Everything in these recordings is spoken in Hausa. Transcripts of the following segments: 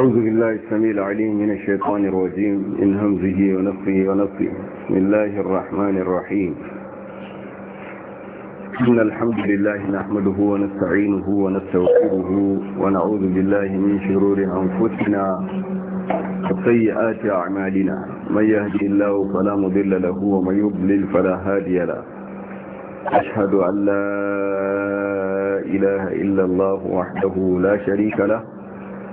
أعوذ بالله السميع العليم من الشيطان الرجيم من همزه ونفه ونفه بسم الله الرحمن الرحيم إن الحمد لله نحمده ونستعينه ونستغفره ونعوذ بالله من شرور أنفسنا وسيئات أعمالنا من يهدي الله فلا مضل له ومن يضلل فلا هادي له أشهد أن لا إله إلا الله وحده لا شريك له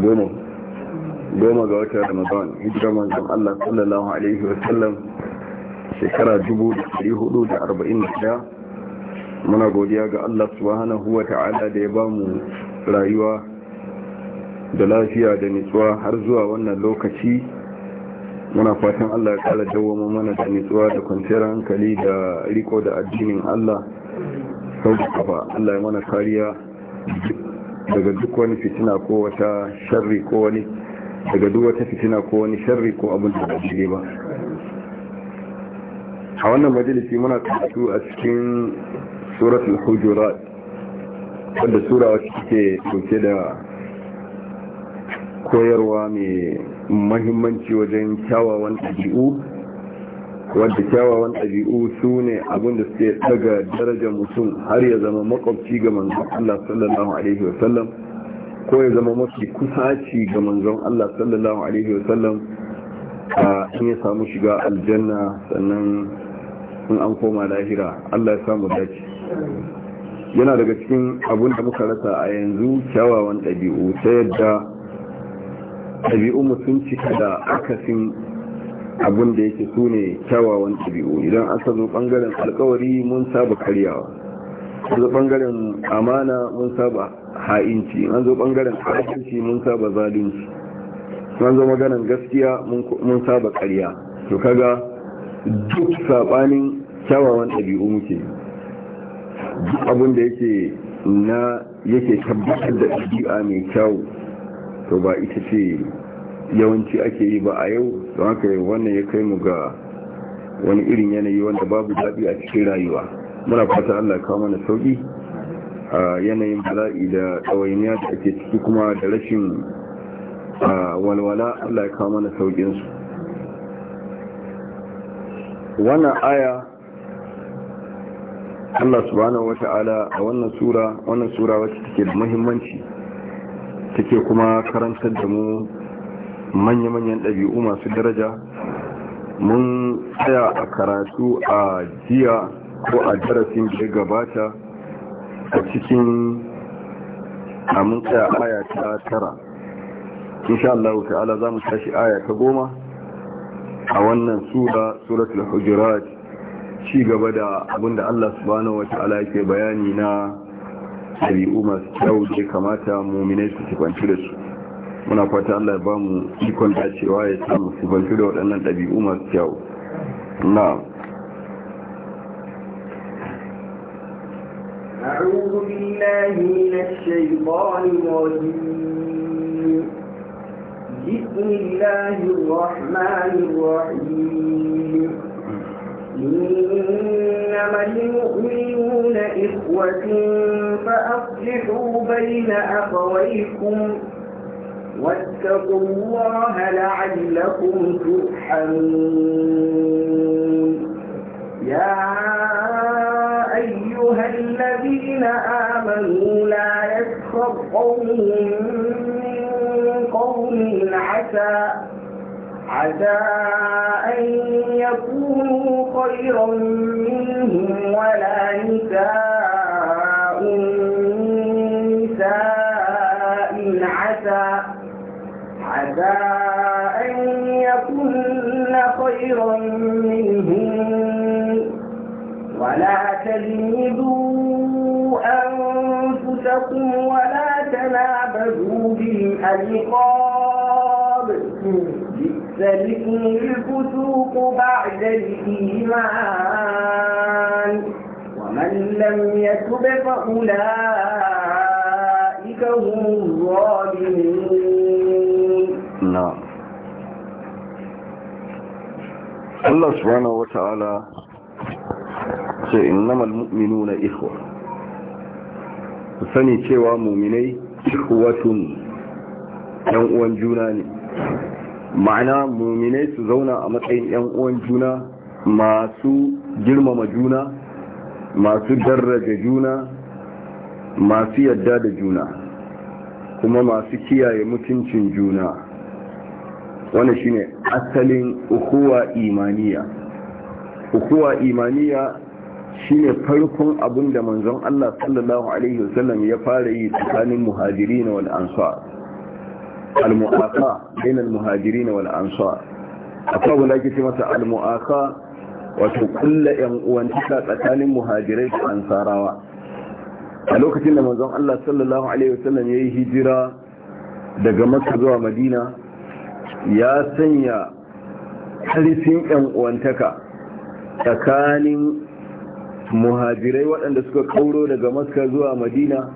goma goma ga wata ramadan hijirar manzon Allah sallallahu alaihi wasallam shekara 1441 muna godiya ga Allah subhanahu wa ta'ala da ya ba mu rayuwa da lafiya da nitsuwa har zuwa wannan lokaci muna fatan Allah ya kala dawoma mana da nitsuwa da kwanciyar hankali da riko da addinin Allah sau da kafa Allah ya mana kariya daga duk wani fitina ko wata sharri ko wani daga duk wata fitina ko wani sharri ko abin da ba daidai ba a wannan majalisi muna karatu a cikin suratul hujurat wanda sura wacce take dauke da koyarwa mai mahimmanci wajen kyawawan ɗabi'u wanda kyawawan ɗabi'u su ne abinda suke daga darajar mutum har ya zama makwabci ga manzon Allah sallallahu alaihi wasallam ko ya zama mafi kusaci ga manzon Allah sallallahu alaihi wasallam in ya samu shiga aljanna sannan in an koma lahira Allah ya samu dace yana daga cikin abin da muka rasa a yanzu kyawawan ɗabi'u ta yadda ɗabi'u mutum cika da akasin abin da yake su ne kyawawan ɗabi'u idan sa zo ɓangaren alkawari mun saba karyawa an zo ɓangaren amana mun saba ha'inci an zo ɓangaren ƙarfinci mun saba zalunci an zo maganan gaskiya mun saba karya to kaga duk saɓanin kyawawan ɗabi'u muke duk abin da yake na yake tabbatar da ɗabi'a mai kyau to ba ita ce yawanci ake yi ba a yau don haka wannan ya kai mu ga wani irin yanayi wanda babu daɗi a cikin rayuwa muna fata allah kawo mana sauƙi a yanayin bala'i da ɗawainiya da ake ciki kuma da rashin walwala allah ya kawo mana sauƙinsu wannan aya allah subhanahu wata'ala a wannan sura wannan sura wacce take da muhimmanci take kuma karantar da mu manya-manyan ɗabi'u masu daraja mun tsaya a karatu a jiya ko a darasin da gabata a cikin a mun tsaya aya ta tara insha Allah ta'ala za mu tashi aya ta goma a wannan sura suratul hujurat ci gaba da abinda Allah subhanahu wata'ala yake bayani na ɗabi'u masu kyau da kamata muminai su kwanci da su muna fata Allah ya ba mu ikon dacewa ya samu sifantu da waɗannan ɗabi'u masu kyau na أعوذ بالله من الشيطان الرجيم بسم الله الرحمن الرحيم إنما المؤمنون إخوة فأصلحوا بين أخويكم واتقوا الله لعلكم ترحمون يا أيها الذين آمنوا لا يسخر قوم من قوم عسى عسى أن يكونوا خيرا منهم ولا نساء عسى أن يكن خيرا منهن ولا تلمدوا أنفسكم ولا تنابذوا بالألقاب جئت الاسم الفسوق بعد الإيمان ومن لم يتب فأولئك هم الظالمون Allah subhanahu wata'ala ce na mu'minuna su sani cewa mu'minai ikhwatun yan uwan juna ne ma'ana mu'minai su zauna a matsayin 'yan'uwan juna masu girmama juna masu daraja juna masu yadda da juna kuma masu kiyaye mutuncin juna wannan shine asalin ukuwa imaniya ukuwa imaniya shine farkon abin da manzon Allah sallallahu alaihi wasallam ya fara yi tsakanin muhajirin na ansar al-mu'aqa bain al-muhajirin wal ansar akwai wanda ke masa al-mu'aqa wato kullu yan uwantaka tsakanin muhajirai da ansarawa a lokacin da manzon Allah sallallahu alaihi wasallam yi hijira daga Makka zuwa Madina ya sanya harifin yan uwantaka tsakanin muhajirai waɗanda suka kauro daga maska zuwa madina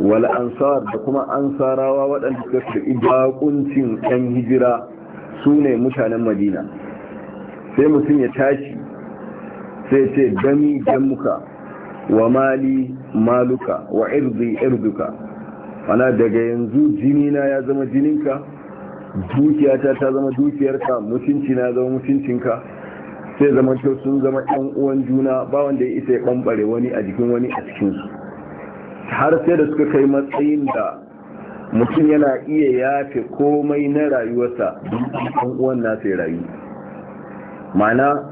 wal ansar da kuma ansarawa waɗanda suka karɓi baƙuncin yan hijira su ne mutanen madina sai mutum ya tashi sai ce dami damuka wa mali maluka wa irzi irzuka ana daga yanzu jini na ya zama jininka dukiyata ta zama dukiyarka mutunci na zama mutuncinka sai zama to sun zama ɗan uwan juna ba wanda ya isa ya bambare wani a jikin wani a cikinsu har sai da suka kai matsayin da mutum yana iya yafe komai na rayuwarsa ɗan uwan nasa ya rayu mana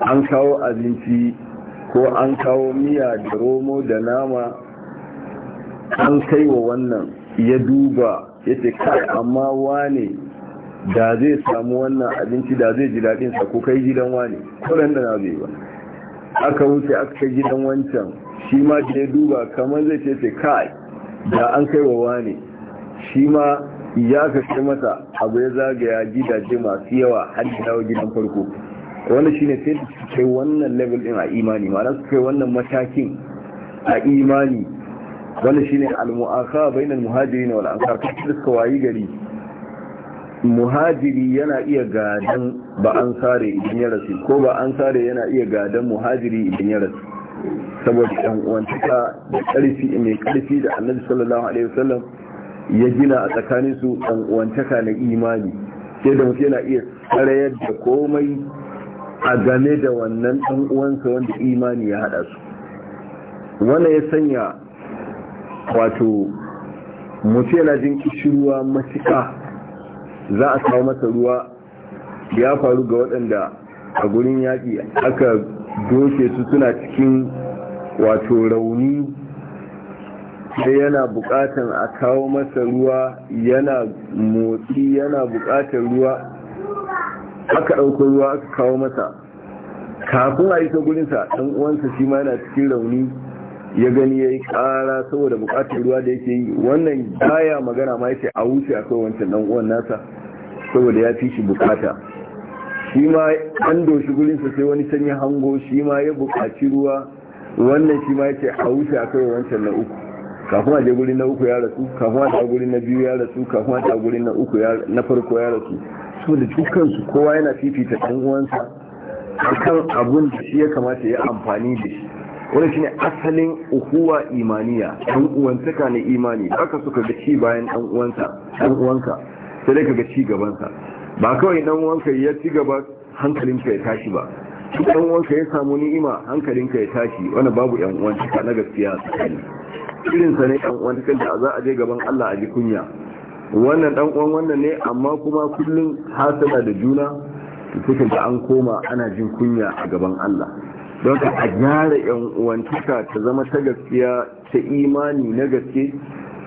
an kawo abinci ko an kawo miya da romo da nama an kai wa wannan ya duba ya ce kai amma wane da zai samu wannan abinci da zai ji daɗinsa ko kai gidan wane kuren da na zai ba aka wuce aka kai gidan wancan shi ma da ya duba kamar zai ce ce kai da an kai wa wane shi ma ya ka kai mata abu ya zagaya gidaje masu yawa har da dawo gidan farko wanda shine sai su kai wannan level din a imani ma'ana su kai wannan matakin a imani Wani wanda shine al-mu'akha bainal muhajirin wal ansar suka wayi gari muhajiri yana iya gadon ba sare idan ya rasu ko ba sare yana iya gadon muhajiri idan ya rasu saboda ɗan uwantaka da ƙarfi mai ƙarfi da annabi sallallahu alaihi wasallam ya gina a tsakanin su ɗan uwantaka na imani sai da mutum yana iya tsarayar da komai a game da wannan ɗan uwansa wanda imani ya haɗa su wannan ya sanya wato mutu yana jin kishirwa matuƙa za a kawo masa ruwa ya faru ga waɗanda a gurin yaƙi aka doke su suna cikin wato rauni sai yana buƙatar a kawo masa ruwa yana motsi yana buƙatar ruwa aka ɗauko ruwa aka kawo masa kafin a yi ta gurinsa ɗan uwansa shi ma yana cikin rauni ya gani ya yi kara saboda bukatar ruwa da yake yi wannan baya magana ma yake a wuce a kai wancan dan uwan nasa saboda ya fi shi bukata shi ma an doshi sa sai wani sanya hango shi ma ya bukaci ruwa wannan shi ma yake a wuce a kai wancan na uku kafin a je gurin na uku ya rasu kafin a ta gurin na biyu ya rasu kafin a ta gurin na uku na farko ya rasu saboda dukkan su kowa yana fifita dan uwansa akan abun da shi ya kamata ya amfani da shi wani shi ne asalin uhuwa imaniya ɗan uwantaka na imani haka suka ga ci bayan ɗan uwanta ɗan uwanka sai dai ka ga ci gabansa ba kawai ɗan uwanka ya ci gaba hankalinka ya tashi ba ɗan uwanka ya samu ni'ima hankalinka ya tashi wani babu ɗan uwantaka na gaskiya tsakani irin sa ne ɗan uwantaka da za a je gaban Allah a ji kunya wannan ɗan uwan wannan ne amma kuma kullum hasala da juna sukan da an koma ana jin kunya a gaban Allah don ka a gyara yan uwantuka ta zama ta gaskiya ta imani na gaske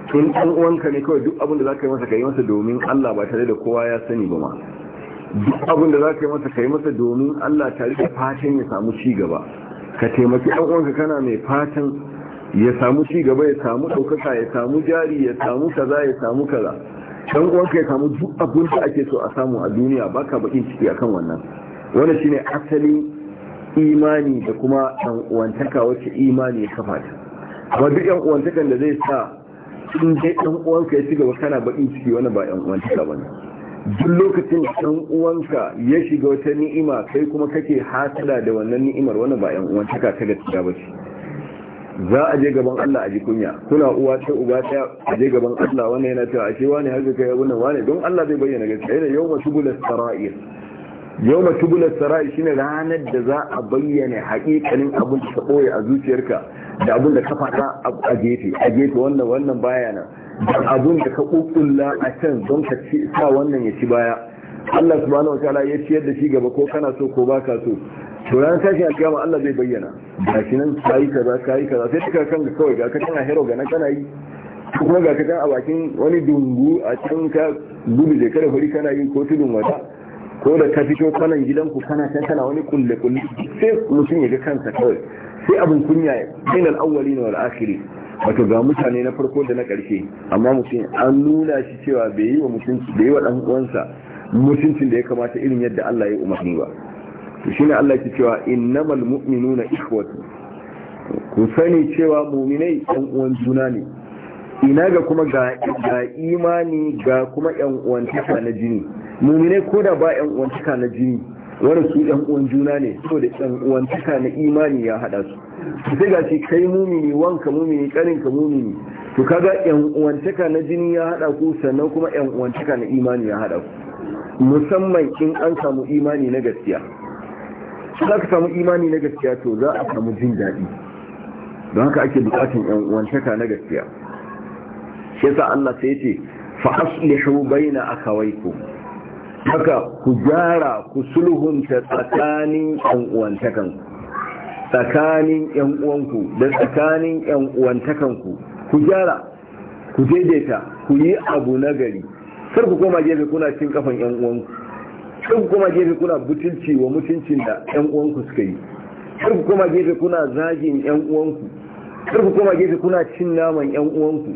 Tun an uwanka ne kawai duk abin da za ka yi masa ka yi masa domin Allah ba tare da kowa ya sani ba ma duk abin da za ka yi masa ka yi masa domin Allah tare da fatan ya samu ci gaba ka taimaki yan uwanka kana mai fatan ya samu ci gaba ya samu ɗaukaka ya samu jari ya samu kaza ya samu kaza ɗan uwanka ya samu duk abinda ake so a samu a duniya baka bakin ciki akan wannan wannan shine asalin imani da kuma ɗan uwantaka wacce imani ya kafa ta amma duk ɗan da zai sa in dai ɗan uwanka ya shiga wata na baƙin ciki wani ba ɗan uwantaka ba ne duk lokacin da ɗan uwanka ya shiga wata ni'ima kai kuma kake hasada da wannan ni'imar wani ba ɗan uwantaka ta gaskiya ba ce za a je gaban Allah a ji kunya kuna uwa ta uba ta a je gaban Allah wannan yana cewa ashe wani har kai wannan wani don Allah zai bayyana gaskiya da yau wasu bulas sara'ir yau na tubular sarai shine ranar da za a bayyana haƙiƙanin abin da ta ɓoye a zuciyarka da abin da ka faɗa a gefe a gefe wannan wannan baya nan da abin da ka ƙuƙulla a can don ka ci sa wannan ya ci baya Allah subhanahu wa ta'ala ya ciyar da shi gaba ko kana so ko baka so to ran tashi alkiyama Allah zai bayyana gashi nan kai kaza kai kaza sai ka kan kawai ga ka kana hero ga nan kana yi kuma ga ka kan a bakin wani dungu a can ka gudu je kada fari kana yi ko tudun wata ko da ka fito kwanan gidanku kana can kana wani kulle kulle sai mutum ya ga kansa kawai sai abin kunya ya bainal awwali na wal akhiri wato ga mutane na farko da na karshe amma mutum an nuna shi cewa bai yi wa mutunci bai yi wa uwansa mutuncin da ya kamata irin yadda Allah ya umarni ba to shine Allah ke cewa innamal mu'minuna ikhwatu ku sani cewa mu'minai ɗan uwan juna ne ina ga kuma ga imani ga kuma yan uwantaka na jini mumine ko da ba yan uwantaka na jini wani su yan uwan juna ne saboda yan uwantaka na imani ya hada su sai ga shi kai mumini wanka mumini karin ka mumini to kaga yan uwantaka na jini ya hada ku sannan kuma yan uwantaka na imani ya hada ku musamman in an samu imani na gaskiya za ka samu imani na gaskiya to za a samu jin daɗi don haka ake bukatun yan uwantaka na gaskiya shi yasa Allah sai yace fa aslihu baina akawaykum haka ku gyara ku sulhunta tsakanin yan uwantakan tsakanin yan uwanku da tsakanin yan uwantakan ku ku gyara ku daidaita ku yi abu nagari kar ku koma gefe kuna cin kafan yan uwanku kar ku koma gefe kuna butulci wa mutuncin da yan uwanku suka yi kar ku koma gefe kuna zagin yan uwanku kar ku koma gefe kuna cin naman yan uwanku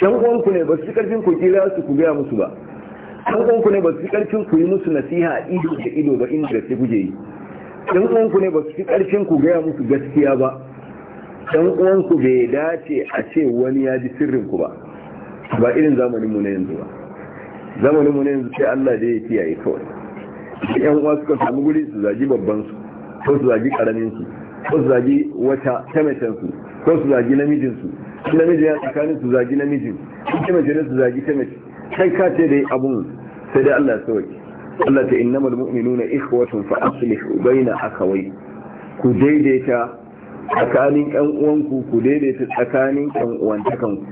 yan uwanku ne ba su karfin ku kira su ku gaya musu ba yan uwanku ne ba su karfin ku yi musu nasiha a ido da ido ba inda da kuje yi yan uwanku ne ba su karfin ku gaya musu gaskiya ba yan uwanku bai dace a ce wani ya ji sirrin ku ba ba irin zamanin mu na yanzu ba zamanin mu na yanzu sai Allah da ya kiyaye kawai yan uwa suka samu guri su zagi babban su ko su zagi karamin su ko su zagi wata tamacen su ko su zagi namijin su namiji ya tsakanin su zagi namiji ita mace ne su zagi ta mace kai ka ce dai abun sai dai Allah sauki Allah ta innamal mu'minuna ikhwatun fa aslihu baina akhawai ku daidaita tsakanin ƴan uwanku ku daidaita tsakanin ƴan uwantakanku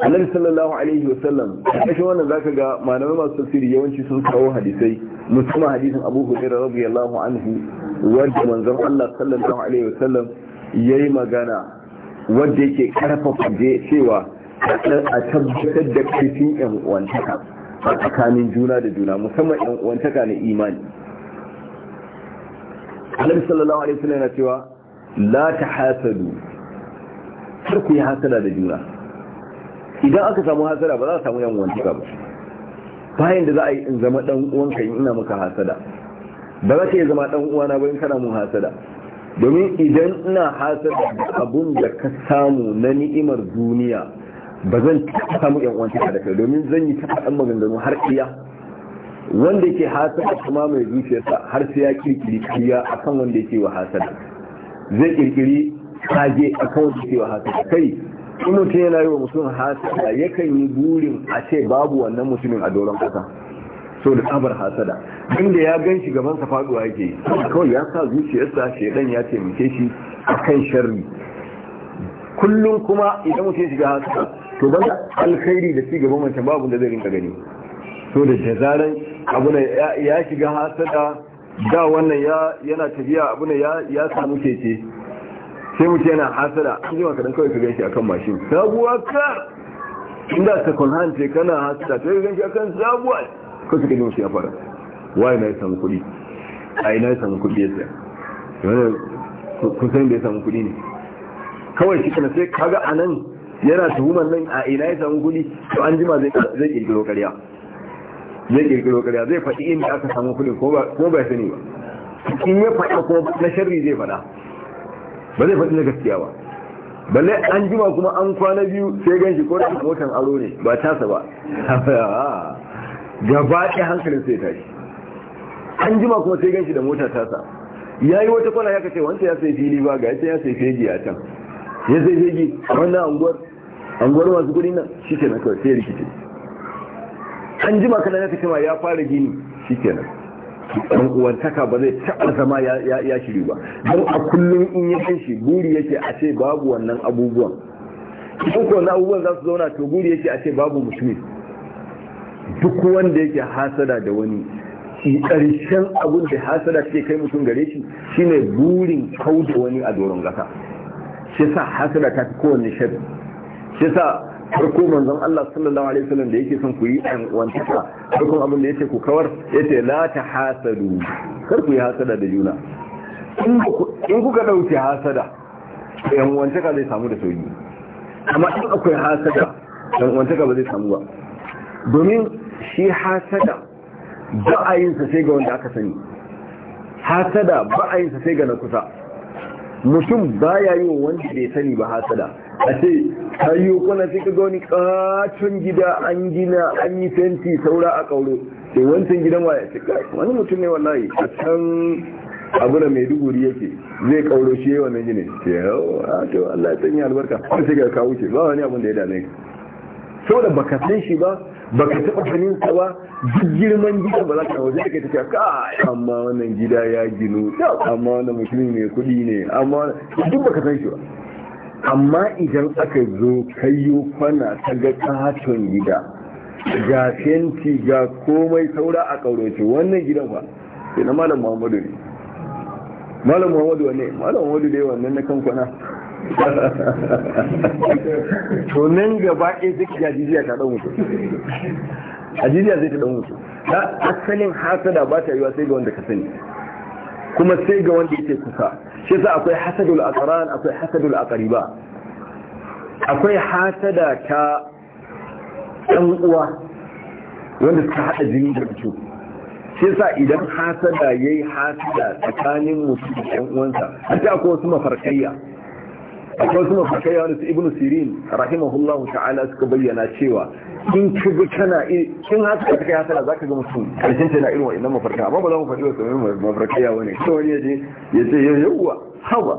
annabi sallallahu alaihi wa wasallam kashin wannan zaka ga malamai masu tafsiri yawanci sun kawo hadisai musamman hadisin Abu Hurairah radiyallahu anhu wanda manzon Allah sallallahu alaihi wa sallam yayi magana Wadda yake karfafa cewa a tabbatar da karfin yan uwantaka a tsakanin juna da juna musamman yan uwantaka na imani annabi sallallahu alaihi wasallam yana cewa la tahasadu kar ku yi hasada da juna idan aka samu hasada ba za a samu yan uwantaka ba bayan da za a yi in zama dan uwanka in ina maka hasada ba za ka iya zama dan uwana ba in kana mun hasada domin idan ina hasar da abun da ka samu na ni'imar duniya ba zan samu yan uwanta da kai domin zan yi taɓa ɗan maganganu har iya wanda ke hasar da kuma mai zuciyarsa har sai ya kirkiri kariya a kan wanda ce wa hasar zai kirkiri kage kan wanda ce wa hasar kai in mutum yana yi wa mutum hasar yakan yi burin a ce babu wannan mutumin a doron kasa so da tsabar hasada inda ya gan shi gabansa faduwa yake kawai ya sa zuciyarsa shedan ya taimake shi akan sharri kullum kuma idan mutum shiga hasada to ban alkhairi da cigaban wancan babu da zai rinka gani so da jazaran abu ya shiga hasada da wannan yana tafiya abu ya samu keke sai muke yana hasada an ji maka dan kawai ka gan shi akan mashin sabuwa ka inda second hand ce kana hasada sai ka gan shi akan sabuwa ko suke nuna shi a fara waye na ya samu kuɗi a ina ya samu kuɗi ya tsaya kun san da ya samu kuɗi ne kawai shi kana sai kaga a nan yana tuhumar nan a ina ya samu kuɗi to an jima zai kirkiro ƙarya zai kirkiro ƙarya zai faɗi inda aka samu kuɗi ko ba sani ba in ya faɗa ko na sharri zai faɗa ba zai faɗi na gaskiya ba balle an jima kuma an kwana biyu sai gan shi ko da motan aro ne ba tasa ba gaba ɗaya hankalin sai tashi an jima kuma sai ganshi da mota tasa ya yi wata kwana ya kace wancan ya sai fili ba ga ita ya sai fegi a can ya sai fegi a wannan anguwar anguwar masu kuɗi nan shi ke nan kawai sai rikici an jima kana ya kace ma ya fara gini shi ke nan ɗan taka ba zai taɓa zama ya shiri ba don a kullum in ya kan shi buri yake a ce babu wannan abubuwan duk wannan abubuwan za su zauna to buri yake a ce babu musulmi duk wanda yake hasada da wani shi ƙarshen abin da hasada ke kai mutum gare shi shine burin da wani a doron gasa shi sa hasada ta fi kowanne shari shi sa farko manzon Allah sallallahu alaihi wasallam da yake son ku yi an wantaka farkon abin da yake ku kawar yace la ta hasadu kar ku yi hasada da juna in kuka dauke hasada yan wantaka zai samu da sauki amma in akwai hasada yan wantaka ba zai samu ba domin shi hasada ba a yinsa sai ga wanda aka sani hasada ba a yinsa sai ga na kusa mutum ba ya yi wa wanda bai sani ba hasada a ce yi kuna sai ka ga wani katon gida an gina an yi fenti saura a kauro sai wancan gidan waya ce wani mutum ne wallahi a can abu da mai duguri yake zai kauro shi yawan mai gini ce yau a to Allah ya sanya albarka Wani sai ga kawo ce ba wani abin da ya dame ka saboda baka san shi ba ba ka taɓa hannun sa ba duk girman gidan ba za ka waje da ka tafiya ka amma wannan gida ya ginu amma wannan mutum mai kuɗi ne amma duk ba ka san shi ba amma idan aka zo kayo kwana ta ga katon gida ga fenti ga komai saura a ƙaurace wannan gidan ba sai na malam muhammadu ne malam muhammadu ne malam muhammadu dai wannan na kan kwana to nan gaba ɗaya zai ga jijiya ta ɗan mutu a zai ta ɗan mutu ta asalin hasada ba ta yiwa sai ga wanda ka sani kuma sai ga wanda yake kusa shi sa akwai hasadul aqran akwai hasadul aqriba akwai hasada ta ɗan uwa wanda suka haɗa jini da mutu shi sa idan hasada yayi hasada tsakanin mutum da ɗan uwansa har ta akwai wasu mafarkaiya akwai wasu mafakai ya su ibn sirin rahimahullahu ta'ala suka bayyana cewa in kiga kana in haka ka kai hasala zaka ga mutum karshen ta na irin wa'annan mafarkai amma ba za mu faɗi wasu mafarka ya wani to wani yaje ya ce yawwa haba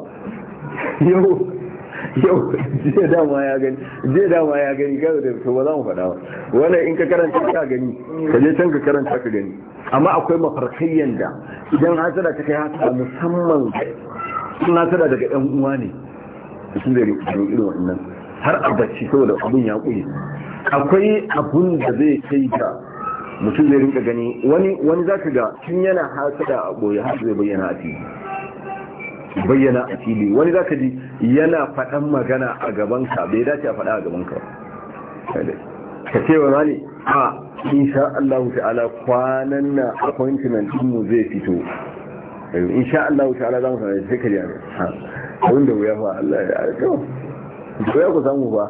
yau yau jiya dama ya gani jiya dama ya gani gaza da to ba za mu faɗa ba wannan in ka karanta ka gani ka je can ka karanta ka gani amma akwai mafarkayyanda. da idan hasala ta kai hasala musamman suna tara daga ɗan uwa ne mutum zai roƙi irin wannan har a bacci saboda abun ya ƙuri akwai abun da zai kai ga mutum zai rinka gani wani wani zaka ga tun yana hasada a boye har zai bayyana a fili bayyana a fili wani zaka ji yana faɗan magana a gaban ka bai dace a faɗa a gaban ka ka ce wa mali a insha Allah ta'ala kwanan na appointment mu zai fito insha Allah ta'ala za mu sanar sai ka ji abin da wuya fa Allah ya alƙawa ko ya ku samu ba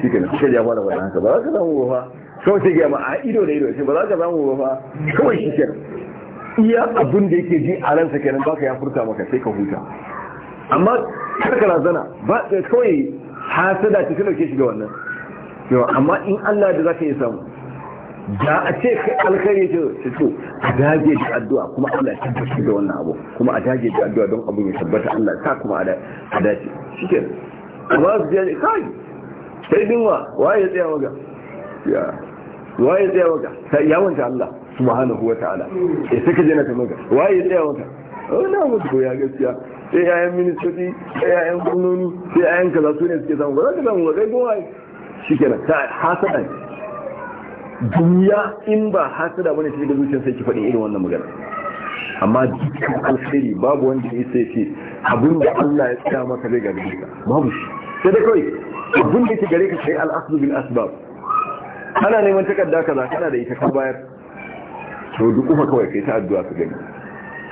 shi ka kuka ja fara faɗa haka ba za ka samu ba kawai shi gaya ma a ido da ido shi ba za ka samu ba kawai shi kenan iya abin da yake ji a sa kenan baka ya furta maka sai ka huta amma kar ka razana ba kawai hasada ta dauke ke shiga wannan amma in Allah da zaka yi samu da a ce alkhairi ce to a dage da addu'a kuma Allah ya tabbatar da wannan abu kuma a dage da addu'a don abin ya tabbata Allah ta kuma a dace shike amma su je kai sai wa? waye ya tsaya waga ya waye ya tsaya waga sai ya wanta Allah subhanahu ta'ala. Eh, sai saka jana ta maga waye ya tsaya waga oh, na mutu ya gaskiya sai yayan ministoci sai yayan gwamnoni sai yayan kaza su ne suke samu ba za ka samu ba kai gowa shi kenan ta hasada duniya in ba da wani shi da zuciyar sai ki faɗi irin wannan magana amma dukkan alheri babu wanda ya sai ce abin da Allah ya tsaya maka zai gari ka babu shi sai da kawai abin da ke gare ka sai al'asu bil asbab ana neman takarda kaza kana da ita ka bayar to duk kuma kawai kai ta addu'a ka gani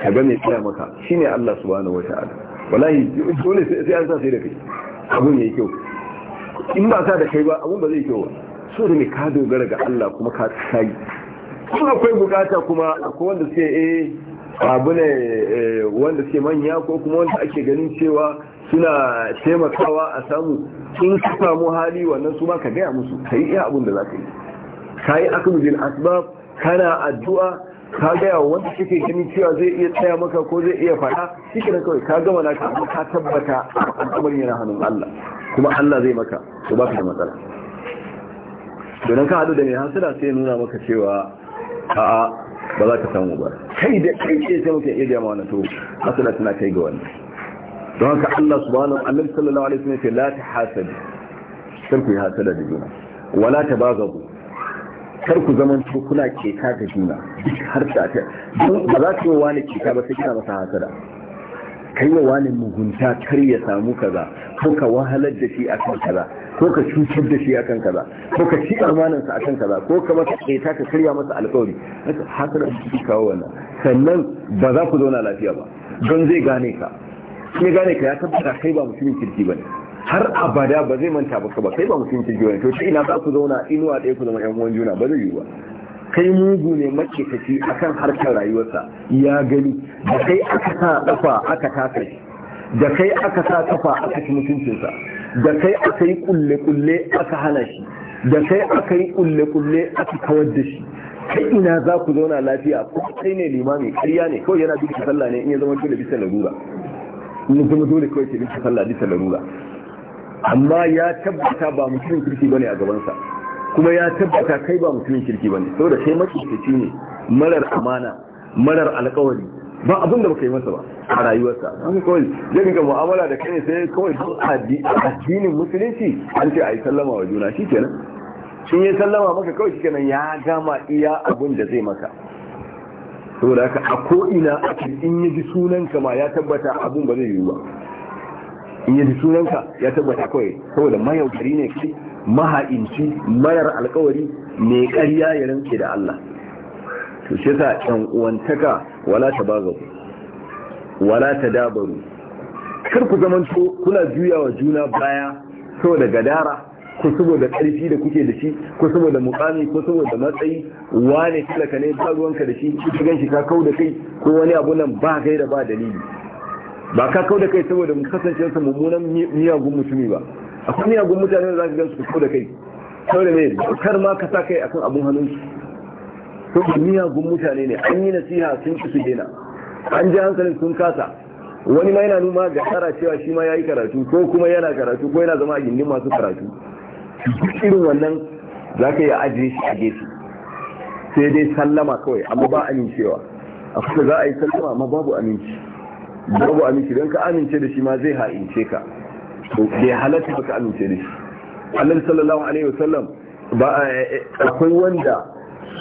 ka ga mai tsaya maka shine Allah subhanahu wata'ala wallahi dole sai an sa sai da kai abun yake kyau in ba sa da kai ba abun ba zai kyau ba so da ne ka dogara ga Allah kuma ka sai kuma akwai bukata kuma akwai wanda suke eh abu ne eh, wanda suke manya ko kuma wanda ake ganin cewa suna taimakawa a samu in ka samu hali wannan su ma ka gaya musu ka yi iya abin da za ka yi ka yi akamujin asbab kana addu'a ka gaya wanda suke ganin cewa zai iya tsaya maka ko zai iya faɗa shi kawai ka gama na ka tabbata al'amarin yana hannun Allah kuma Allah zai maka to ba ka da matsala domin ka hadu da mai hasira sai nuna maka cewa a ba za ka samu ba kai da kai ce sai muke iya jama'a wannan to hasira suna kai ga wannan don haka Allah subhanahu wa ta'ala sallallahu alaihi wasallam ya ce la tahasad kar ku yi hasada da juna wala tabagabu kar ku zaman to kuna keka da juna har ta ta ba za ku yi wani keka ba sai kina masa hasada kai wa wani mugunta kar ya samu kaza ko ka wahalar da shi akan kaza ko ka cutar da shi akan kaza ko ka ci amanansa akan kaza ko ka masa kaita ka karya masa alƙawari haka haka da kawo wannan sannan ba za ku zauna lafiya ba don zai gane ka ya gane ka ya tabbata kai ba mutumin kirki bane har abada ba zai manta ba kai ba mutumin kirki bane to ta ina za ku zauna inuwa ɗaya ku zama ƴan uwan juna ba zai yiwu ba kai mugu ne mace a kan harkar rayuwarsa ya gani da kai aka sa dafa aka taka da kai aka sa kafa aka ci mutuncinsa da kai aka yi kulle-kulle aka hana shi da kai aka yi kulle-kulle aka kawar da shi kai ina za ku zauna lafiya ko kai ne limami ƙarya ne kawai yana bisa sallah ne in ya zama dole bisa larura in zama dole kawai ke bisa sallah bisa larura amma ya tabbata ba mutum kirki bane a gabansa kuma ya tabbata kai ba mutumin kirki bane saboda kai makiyaci ne marar amana marar alƙawari ba abin da baka yi masa ba a rayuwarsa an kawai zai ga mu'amala da kai sai kawai don addinin musulunci an ce a yi sallama wa juna shi kenan sun yi sallama maka kawai shi kenan ya gama iya abin da zai maka saboda haka a ko'ina in yi ji sunanka ma ya tabbata abin ba zai yi ba in yi ji sunanka ya tabbata kawai saboda mayaukari ne kai maha'inci mayar alkawari mai ƙarya ya rinke da Allah to shi sa ɗan uwantaka wala ta wala ta dabaru kar ku zamanto kuna juyawa juna baya saboda gadara ko saboda ƙarfi da kuke da shi ko saboda mukami ko saboda matsayi wane tilaka ne ba ruwanka da shi ka ganshi ka kau da kai ko wani abu nan ba kai da ba dalili ba ka kau da kai saboda sa mummunan miyagun mutumi ba akwai miyagun mutane da za ka gansu kau da kai saboda ne kar ma ka sa kai akan abun hannunsu saboda miyagun mutane ne an yi nasiha sun ki su an ji hankalin sun kasa wani ma yana numa ga tsara cewa shi ma ya yi karatu ko kuma yana karatu ko yana zama a gindin masu karatu irin wannan za ka yi ajiye shi a gefe sai dai sallama kawai amma ba amincewa a kusa za a yi sallama amma babu aminci babu aminci don ka amince da shi ma zai ha'ince ka to ke halatta ba ka amince da shi Allah sallallahu alaihi wasallam ba eh, eh, akwai wanda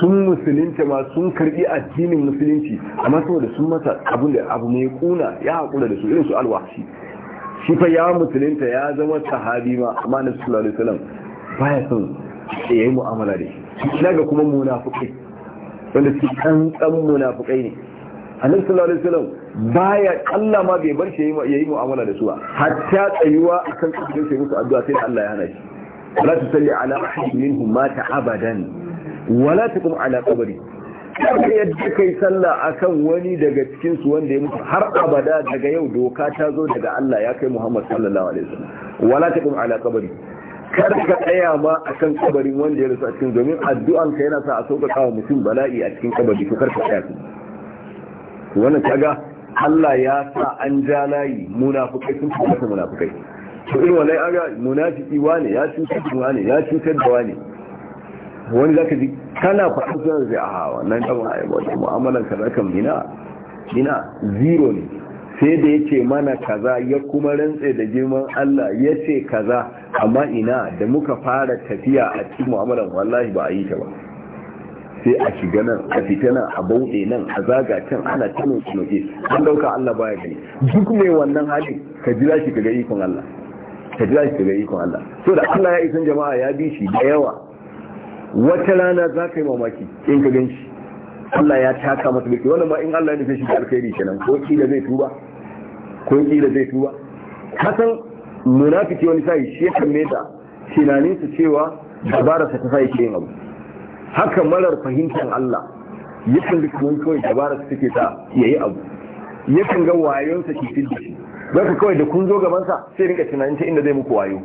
sun musulunci ma sun karbi addinin musulunci amma saboda sun masa abu da abu mai kuna ya hakura da su irin su alwashi shi fa ya musulunta ya zama sahabi ma amma na sallallahu alaihi wasallam baya son ya yi mu'amala da shi na ga kuma munafukai wanda su kan tsan munafukai ne annabi sallallahu alaihi wasallam Ba ya kalla ma bai bar shi ya yi mu'amala da su ba hatta tsayuwa akan kusurin sai musu addu'a sai da Allah ya hana shi ta salli ala ahadin minhum mata abadan wala ta kuma ala qabri kada yadda kai sallah akan wani daga cikin su wanda ya mutu har abada daga yau doka ta zo daga Allah ya kai Muhammad sallallahu alaihi wasallam wala taqum ala qabri kada ka tsaya ma akan kabarin wanda ya rasu a cikin domin addu'an ka yana sa a sauƙaƙa wa mutum bala'i a cikin kabari ko karka tsaya wannan kaga Allah ya sa an ja layi munafukai sun cutar da munafukai to irin wani an ga munafiki wane ya cutar da wane ya cutar da wane wani zaka ji kana faɗin sun zai a hawa. wannan dama ai wata mu'amalan ka zaka mina mina zero ne sai da yace mana kaza ya kuma rantse da girman Allah yace kaza amma ina da muka fara tafiya a cikin mu'amalan wallahi ba a yi ta ba sai a shiga nan a fita nan a bauɗe nan a zaga can ana tanin kinoke an dauka Allah baya gani duk mai wannan halin ka jira shi kaga ikon Allah ka jira shi kaga ikon Allah so da Allah ya isan jama'a ya bi shi da yawa wata rana za ka yi mamaki in ka gan shi Allah ya taka masa biki wannan ma in Allah ya nufi shi da alkhairi kenan ko kila zai tuba ko kila zai tuba kasan munafiki wani sai shi kan meta tunaninsa cewa dabararsa ta sai yin abu haka marar fahimtar Allah yakan da kuma kawai dabarar su take ta yayi abu yakan ga wayonsa ke fil shi ka kawai da kun zo gaban sa sai rinka tunanin ta inda zai muku wayo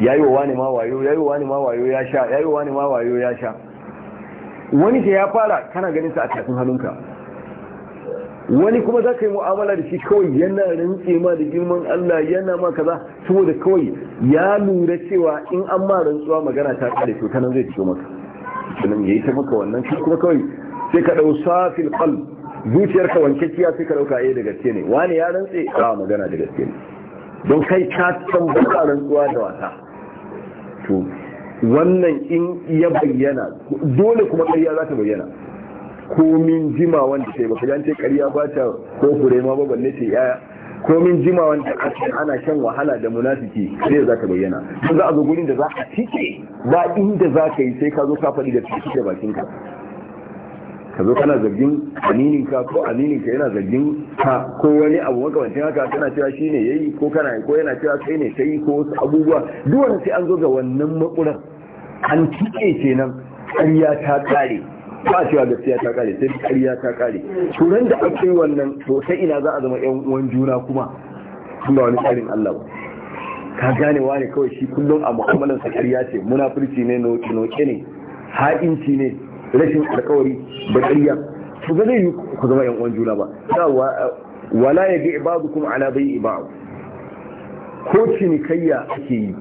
yayi wa wani ma wayo yayi wa wani ma wayo ya sha yayi wa wani ma wayo ya sha wani ke ya fara kana ganin sa a cikin hannunka wani kuma za ka yi mu'amala da shi kawai yana rantse ma da girman Allah yana ma kaza saboda kawai ya lura cewa in an ma rantsuwa magana ta kare to nan zai fito maka sunan yayi ta maka wannan shi kuma kawai sai ka dau safil qal zuciyar ka wanke kiya sai ka dauka eh da gaske ne wani ya rantse a magana da gaske ne don kai ka san baka rantsuwa da wata to wannan in ya bayyana dole kuma ƙarya za ta bayyana Ko min jima wanda sai baka yance kariya ba ta ko fure ma ba balle ce yaya komin jimawan da ake ana shan wahala da munafiki sai za ta bayyana don za a zo gurin da za a fice ba inda za ka yi sai ka zo ka faɗi da ciki da bakinka ka zo kana zargin amininka ko amininka yana zargin ka ko wani abu makamancin haka kana cewa shi ne yayi ko kana ko yana cewa kai ne kai ko wasu abubuwa duk sai an zo ga wannan makurar. an fice kenan ƙarya ta ƙare. ba a cewa gaskiya ta kare sai ƙarya ta kare turan da ake wannan to ina za a zama yan uwan juna kuma kuma wani tsarin Allah ba ka gane wani kawai shi kullum a mu'amalar sa ƙarya ce munafurci ne noke noke ne ha'inci ne rashin alƙawari da kariya to ba zai yi ku zama yan uwan juna ba wala ya ga ibadukum ala bai ibadu ko cinikayya ake yi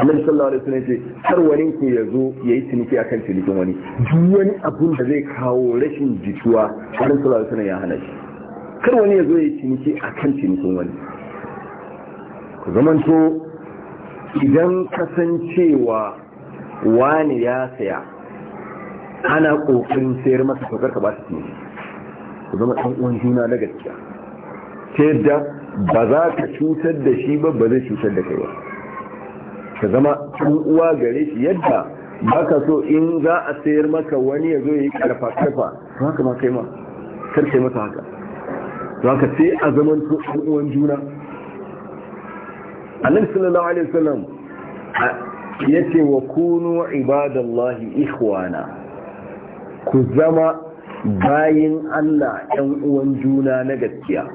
annabi sallallahu alaihi wasallam ce har wani ku ya zo ya yi ciniki akan cinikin wani duk wani abun da zai kawo rashin jituwa annabi sallallahu alaihi wasallam ya hana shi kar wani ya zo ya yi ciniki akan cinikin wani ku zamanto idan kasancewa wani ya saya ana kokarin sayar masa ko karka ba shi ciniki ku zama ɗan uwan juna na gaskiya ta yadda ba za ka cutar da shi ba ba zai cutar da kai ba ka zama ɗan uwa gare shi yadda baka so in za a sayar maka wani ya zo ya yi karfa karfa to haka ma kai ma karfe mata haka to haka sai a zaman to uwan juna annabi sallallahu alaihi wasallam yace wa kunu ibadallahi ikhwana ku zama bayin Allah ɗan uwan juna na gaskiya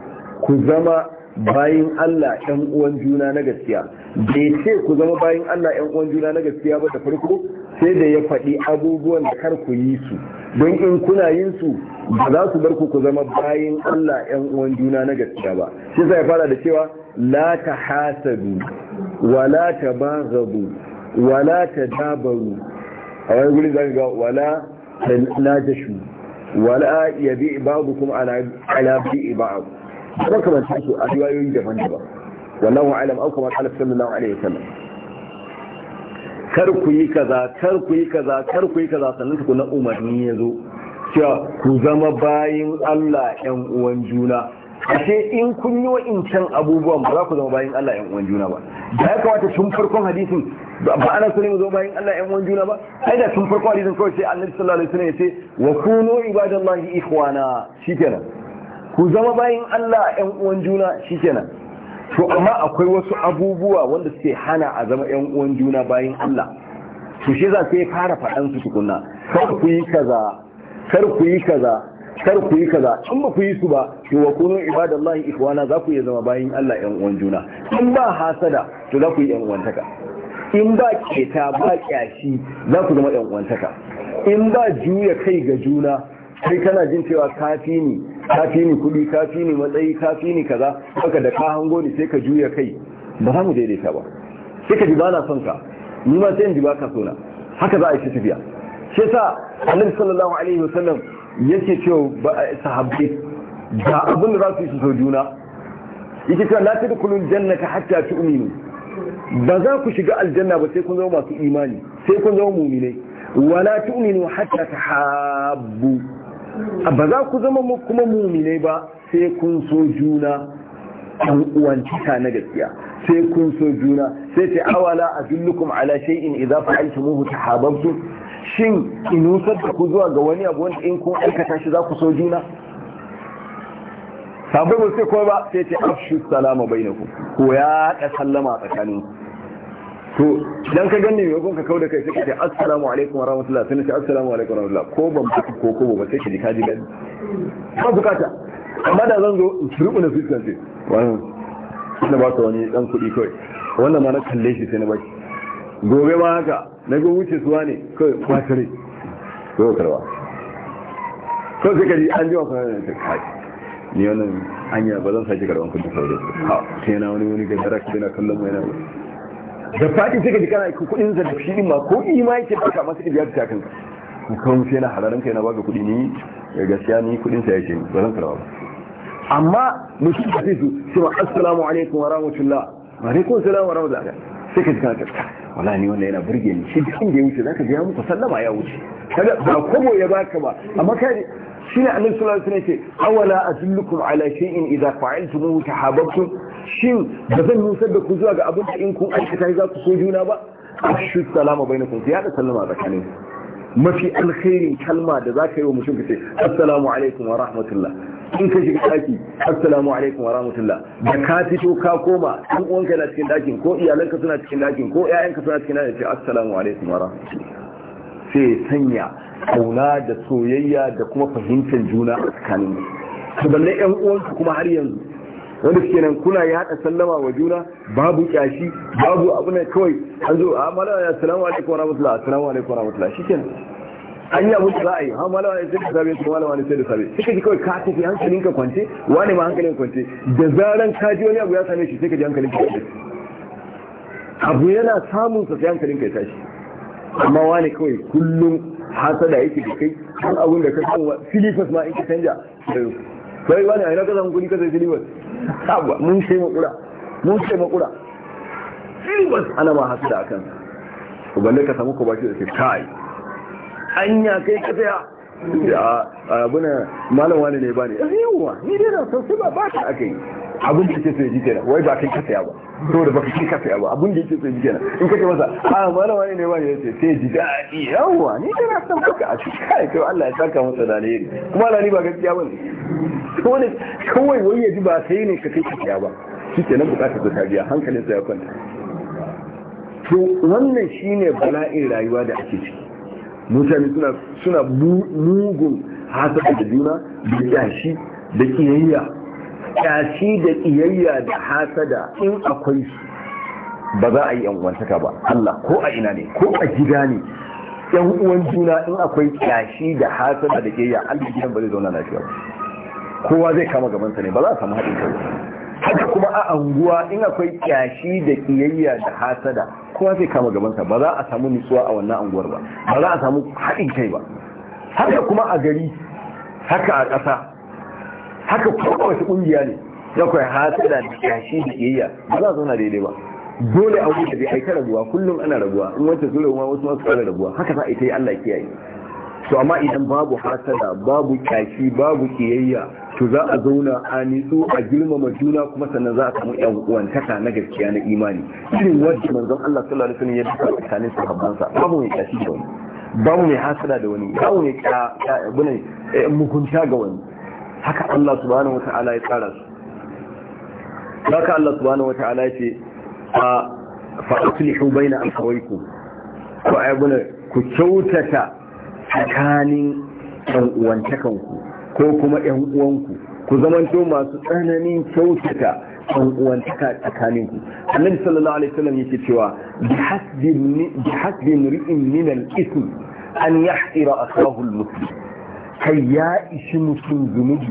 ku zama bayin Allah ɗan uwan juna na gaskiya bai ce ku zama bayin Allah ɗan uwan juna na gaskiya ba da farko sai da ya faɗi abubuwan da kar ku yi su don in kuna yin su ba za su bar ku ku zama bayin Allah ɗan uwan juna na gaskiya ba shi sai ya fara da cewa la tahasadu wa la bazabu wa la dabaru. a wani guri zaka ga wala la tashu wala yabi ba'dukum ala ala bi'i ba'd kuma kamar tashi a riwayoyi daban-daban wallahu alam an kuma kala sallallahu alaihi wasallam kar ku yi kaza kar ku yi kaza kar ku yi kaza sannan ku na umarni ya zo cewa ku zama bayin Allah ƴan uwan juna ashe in kun yi wa'incan abubuwan ba za ku zama bayin Allah ƴan uwan juna ba da ya kamata tun farkon hadisin ba ana so ne mu zama bayin Allah ƴan uwan juna ba ai da tun farkon hadisin kawai sai Annabi sallallahu alaihi wasallam ya ce wa kunu ibadallahi ikhwana shikenan ku zama bayan Allah yan uwan juna shi kenan, to amma akwai wasu abubuwa wanda suke hana a zama yan uwan juna bayan Allah su shi za yi fara faɗan su tukunna kar ku yi kaza kar ku yi kaza kar ku yi kaza in ba ku yi su ba to wa kunu ibadallahi ikwana za ku iya zama bayan Allah yan uwan juna in ba hasada to za ku yi yan uwantaka in ba keta ba kyashi za ku zama yan uwantaka in ba juya kai ga juna sai kana jin cewa kafi ni Kafi fi ni kudi kafi fi ni matsayi kafi fi ni kaza haka da ka hango ni sai ka juya kai ba za mu daidaita ba sai ka ji ba na son ka ni ma sai in ji ba ka so na haka za a yi tafiya shi yasa annabi sallallahu alaihi wasallam yake cewa sahabbai da abin da za su yi su so juna yake cewa la tadkhulul jannata hatta tu'minu ba za ku shiga aljanna ba sai kun zama masu imani sai kun zama mu'minai wala tu'minu hatta tahabbu ba za ku zama kuma mumine ba sai kun so juna an uwantaka na gaskiya sai kun so juna sai ce awala adullukum ala shay'in idza fa'altumuhu tahabbtum shin in nusar da ku zuwa ga wani abu wanda in kun aikata shi za ku so juna sabai ba sai ko ba sai ce afshu salama bainakum ko ya ka sallama tsakaninku. to dan ka ganni maimakon ka kau da kai sai ka ce assalamu alaikum warahmatullah sai ce assalamu alaikum warahmatullah ko ban ba ko ko ba sai ka ji kaji gani ba bukata amma da zan zo shirku na fitan sai wannan na ba ta wani dan kudi kai wannan ma na kalle shi sai na baki gobe ma haka na ga wuce suwa ne kai ba tare ko karwa ko sai ka ji an ji wa fara ta kai ni wannan anya ba zan sake karban kuɗi kawai ha sai na wani wani ga darak sai na kallon mai na da fatin sai ka ji kana kuɗin zarafi din ma ko ima yake baka masa ka biya ta kanka kan sai na halaran kai na baka kudi ni eh, gaskiya ni kuɗin sa yake ba zan karawa ba amma mutum da zai sai ma assalamu alaikum wa rahmatullah wa alaikum assalam wa rahmatullah sai ka ji kana kaska wala ni wannan yana burge ni shi duk inda ya wuce zaka ga ya muku sallama ya wuce kaga ba kobo ya baka ba amma kai shine annabi sallallahu alaihi wasallam yake awala azillukum ala shay'in idza fa'altumuhu tahabbtum shin da zan nusar da ku zuwa ga abin da in kun aikata za ku so juna ba ashu salama bainakum ya da sallama tsakanin mafi alkhairin kalma da za ka yi wa mutum ka ce assalamu alaikum wa rahmatullah in ka shiga daki assalamu alaikum wa rahmatullah da ka fito ka koma ɗan uwanka yana cikin dakin ko iyalanka suna cikin dakin ko ƴaƴanka suna cikin dakin ce assalamu alaikum wa rahmatullah sai sanya kauna da soyayya da kuma fahimtar juna a tsakanin su da yan uwansu kuma har yanzu wanda suke nan kuna ya haɗa sallama wa juna babu kyashi babu abu ne kawai an zo a ah, malawa ya salamu alaikum wa rahmatullah salamu alaikum wa rahmatullah kenan an yi abu za a yi ha ah, malawa ya sai da sabi su malawa ne sai da sabe suka ji kawai ka tafi hankalin ka kwance wane ma hankalin kwance da zaran ka ji wani abu ya same shi sai ka ji hankalin ka kwance abu yana samun sa sai hankalin ka ya tashi amma wani kawai kullum hasada yake da kai Kan abin da ka wa silifas ma in ka canja sai wani a ina ka samu kuɗi ka sai silifas abuwa mun sai makura mun sai makura silifas ana ma hasada akan uballe ka samu ko ba shi da sai kai anya kai ka tsaya ya abuna malam wani ne ba ne yawa ni dai na san ba ba ka akai abin da ke so ya ji kenan wai ba kai ka tsaya ba saboda baka kika kafa abu abin da yake so ji kenan in kace masa a ah, malama ne ne ba ne sai ji dadi yawa ni kana san baka a shi kai to Allah ya saka masa da kuma Allah ni ba gaskiya bane kawai kawai wai ya ji ba sai ne ka kai kafa ba shi nan bukatar ta biya sa ya kwanta to wannan shine bala'in rayuwa da ake ciki mutane suna suna mugun hasa da juna da yashi da kiyayya kyashi da tsiyayya da hasada in akwai su ba za a yi yanwantaka ba Allah ko a ina ne ko a gida ne yan uwan juna in akwai kyashi da hasada da kiyayya Allah gidan ba zai zauna lafiya kowa zai kama gabansa ne ba za a samu haɗin kai haka kuma a anguwa in akwai kyashi da tsiyayya da hasada kowa zai kama gabansa ba za a samu nutsuwa a wannan anguwar ba ba za a samu haɗin kai ba haka kuma a gari haka a ƙasa haka kuma wata kungiya ne ya kai hasada da kashi da kiyayya ba za su na daidai ba dole a wuce zai aika raguwa kullum ana raguwa in wancan zuwa raguwa wasu masu kara raguwa haka za a ita yi Allah kiyaye to amma idan babu hasada babu kashi babu kiyayya to za a zauna a nitsu a girmama juna kuma sannan za a samu yan uwantaka na gaskiya na imani irin wanda manzon Allah sallallahu alaihi wasallam ya tsara tsakanin sahabbansa babu mai kashi da wani babu mai hasada da wani babu mai eh, mukunta ga wani haka Allah subhanahu wata'ala ya tsara su haka Allah subhanahu wata'ala ya ce a fa'aslihu baina alhawaikum ku ayyuna ku kyautata tsakanin ɗan uwantakanku ko kuma ɗan uwanku ku zamanto masu tsananin kyautata ɗan uwantaka tsakaninku annabi sallallahu alaihi wasallam yake cewa bi hasbi bi hasbi mri'in min al-ithm an yahqira akahu al-muslim kai ya ishi mutum zunubi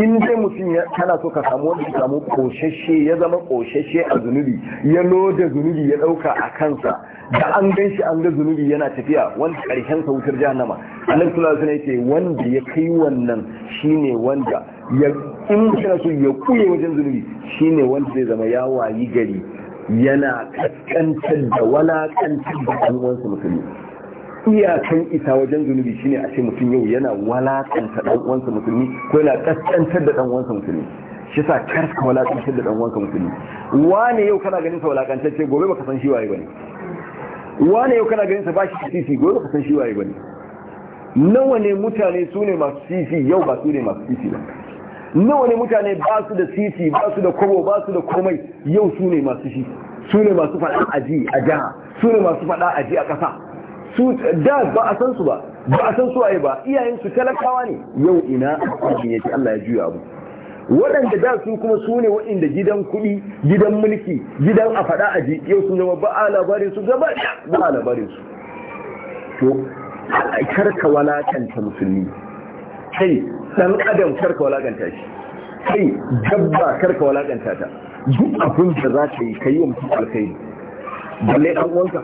in dai mutum kana so ka samu wanda ya samu koshashe ya zama koshashe a zunubi ya loda zunubi ya dauka a kansa da an gan shi an ga zunubi yana tafiya wanda karshen sa wutar jahannama annabi sallallahu alaihi wasallam wanda ya kai wannan shine wanda ya in kana so ya kuye wajen zunubi shine wanda zai zama ya wayi gari yana kaskantar da walakantar da ɗan musulmi iyakan isa wajen zunubi shine a ce mutum yau yana walakanta dan uwansa musulmi ko yana kaskantar da dan uwansa musulmi shi yasa kar ka walakantar da dan uwanka musulmi wane yau kana ganin sa walakantacce gobe baka san shi waye bane wane yau kana ganin sa bashi sisi gobe baka san shi waye bane nawa ne mutane su ne masu sisi yau ba su ne masu sisi ba nawa ne mutane ba su da sisi ba su da kobo ba su da komai yau su ne masu shi su ne masu faɗa aji a jiha su ne masu faɗa aji a ƙasa su da ba a san su ba ba a san su ai ba iyayen su talakawa ne yau ina abin yake Allah ya juya abu waɗanda da su kuma su ne waɗanda gidan kuɗi gidan mulki gidan a faɗa ji, yau sun zama ba a labarin su gaba ba a labarin su to karka walakanta musulmi kai dan adam karka walakanta shi kai dabba karka walakanta ta duk abin da za ka yi ka yi wa mutum alkhairi balle dan uwanka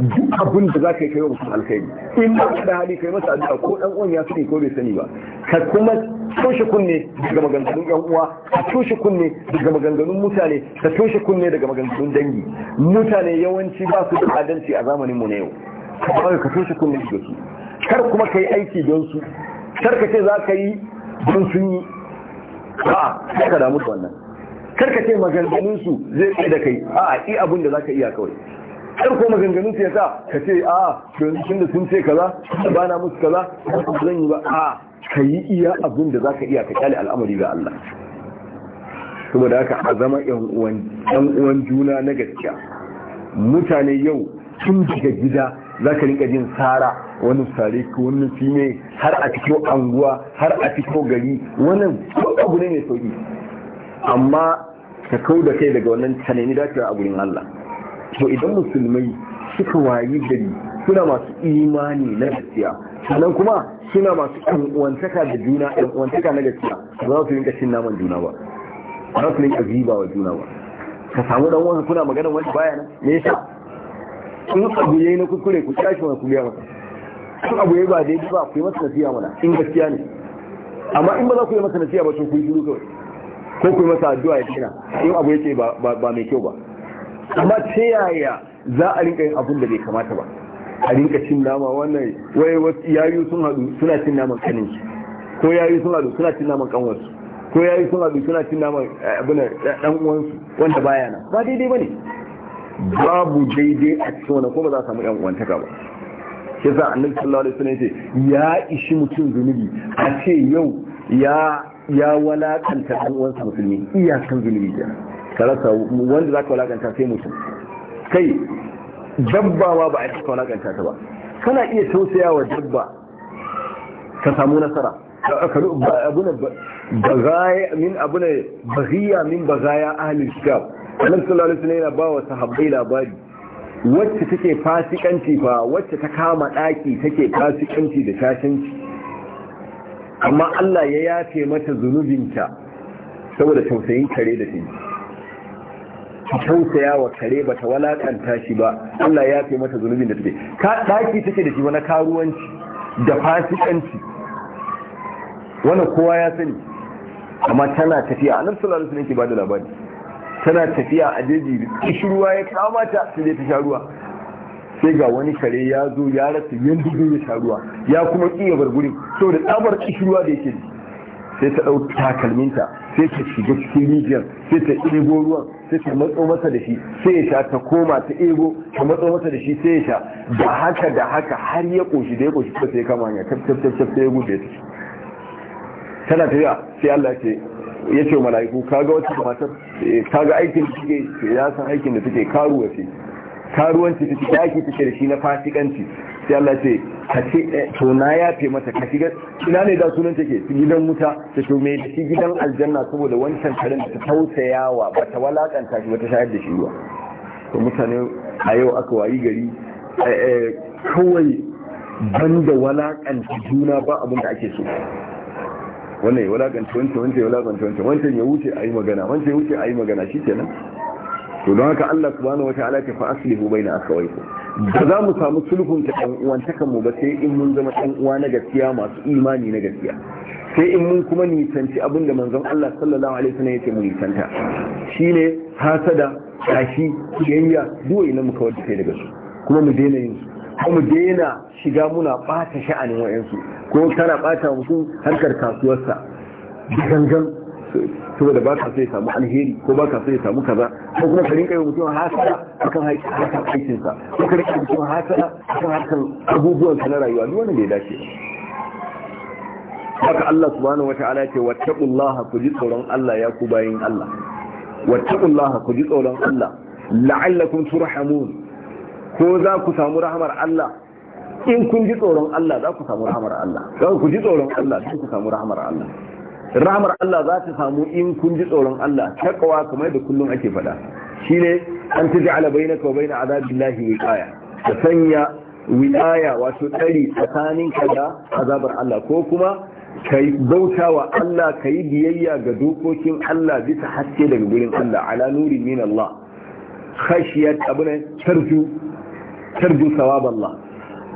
duk abin da za ka yi kai mutum alkhairi in ba da hali kai masa addu'a ko dan uwan ya sani ko bai sani ba ka kuma toshe kunne daga maganganun yan uwa ka toshe kunne daga maganganun mutane ka toshe kunne daga maganganun dangi mutane yawanci ba su da adalci a zamanin mu na yau ka toshe kunne da su kar kuma ka yi aiki don su kar ka ce za ka yi don sun yi ba ka damu da wannan kar ka ce maganganun su zai tsaye da kai a i abin da za ka iya kawai karko maganganun su yasa ka ce a tun sun ce kaza ba na musu kaza zan yi ba a ka yi iya abin da ka iya ka kyale al'amari ga Allah saboda haka a zama yan uwan juna na gaskiya mutane yau tun daga gida za ka rinka jin tsara wani sare ko wani fime har a fito anguwa har a fito gari wannan abu ne mai sauki amma ka kau da kai daga wannan tanani dacewa a gurin Allah to idan musulmai suka wayi gari suna masu imani na gaskiya sannan kuma suna masu uwantaka da juna uwantaka na gaskiya ba za su rinka cin naman juna ba ba za su rinka ziba wa juna ba ka samu dan wani kuna magana wani baya nan me yasa in abu yayi na kuskure ku tashi wani ku biya masa in abu yayi ba daidai ba ku yi masa nasiya mana in gaskiya ne amma in ba za ku yi masa nasiya ba to ku yi shiru kawai ko ku yi masa addu'a ya kira in abu yake ba mai kyau ba amma ta yaya za a rinka yin abin da bai kamata ba a rinka cin nama wannan wai yayu sun haɗu suna cin naman kanin su ko yayu sun haɗu suna cin naman kanwarsu ko yayu sun haɗu suna cin naman eh, abin dan uwansu wanda baya nan ba daidai bane babu daidai a cikin wannan ko ba za a samu yan uwantaka ba shi yasa annabi sallallahu alaihi wasallam yace ya ishi mutum zunubi a ce yau ya ya walakanta dan uwansa musulmi iyakan zunubi kenan ka wanda za ka walakanta sai mutum kai dabbawa ba a cika walakanta ta ba kana iya tausaya wa dabba ka samu nasara abuna bagaya min abuna baghiya bagaya ahlul kitab annabi sallallahu alaihi wasallam yana ba wa sahabbai labari wacce take fasikanci fa wacce ta kama daki take fasikanci da shashanci amma Allah ya yafe mata zunubinta saboda tausayin kare da shi tausaya wa kare ba ta walakanta shi ba Allah ya fi mata zunubin da take ka daki take da shi wani karuwanci da fasikanci wani kowa ya sani amma tana tafiya A nan sallallahu alaihi wasallam ke bada labari tana tafiya a jeji kishirwa ya kamata ta sai ta sha ruwa sai ga wani kare ya zo ya rasa dubu ya sha ruwa ya kuma kiyaye bargurin saboda tsabar kishirwa da yake ji sai ta ɗau takalminta sai ta shiga cikin rijiyar sai ta ego ruwan sai ta matso masa da shi sai ya sha ta koma ta ego ta matso masa da shi sai ya sha da haka da haka har ya koshi da ya koshi ta sai kama hanya taf taf taf sai ya gube ta tana tafiya sai Allah ce ya ce mala'iku kaga wata matar eh, kaga aikin da take ya san aikin da take karuwa sai. karuwanci ta ciki ake take da shi na fasikanci sai Allah ce ka ce eh, to na yafe mata ka shiga ina ne da sunan take gidan wuta ta to me da shi gidan aljanna saboda wancan karin da ta tausayawa ba ta walakanta shi ba ta shayar da shi ruwa to mutane a yau aka wayi gari eh, eh, kawai banda walakanta juna ba abin da ake so wannan ya walakanta wancan wancan ya walakanta wancan wancan ya wuce a yi magana wancan ya wuce a yi magana shi kenan to don haka Allah subhanahu wataala ke fa aslihu baina akhawaykum ba za mu samu sulhun ta dan uwan mu ba sai in mun zama dan uwa na gaskiya masu imani na gaskiya sai in mun kuma nisanci abin da manzon Allah sallallahu alaihi wasallam yake mu nisanta shine hasada kashi kiyayya duwaye na muka wadda kai daga su kuma mu daina yin su ko mu daina shiga muna bata sha'anin wayansu ko tana bata mutum harkar kasuwarsa gangan saboda ba ka so samu alheri ko ba ka so samu kaza ko kuma ka rinka yi mutum hasara akan harkar sa ko ka rinka yi mutum hasara akan harkar abubuwan sa na rayuwa duk wannan bai dace haka Allah subhanahu wata'ala ya ce wattaqullaha ku ji tsoron Allah ya ku bayin Allah wattaqullaha ku ji tsoron Allah la'allakum turhamun ko za ku samu rahmar Allah in kun ji tsoron Allah za ku samu rahmar Allah za ku ji tsoron Allah za ku samu rahmar Allah rahmar Allah za ta samu in kun ji tsoron Allah takawa kamar da kullum ake faɗa shine an taj'ala bainaka wa baina azabillahi wiqaya ta sanya wiqaya wato tsari ka da azabar Allah ko kuma kai bauta wa Allah kai biyayya ga dokokin Allah bisa haske daga gurin Allah ala nuri min Allah khashiyat abuna tarju tarju sawab Allah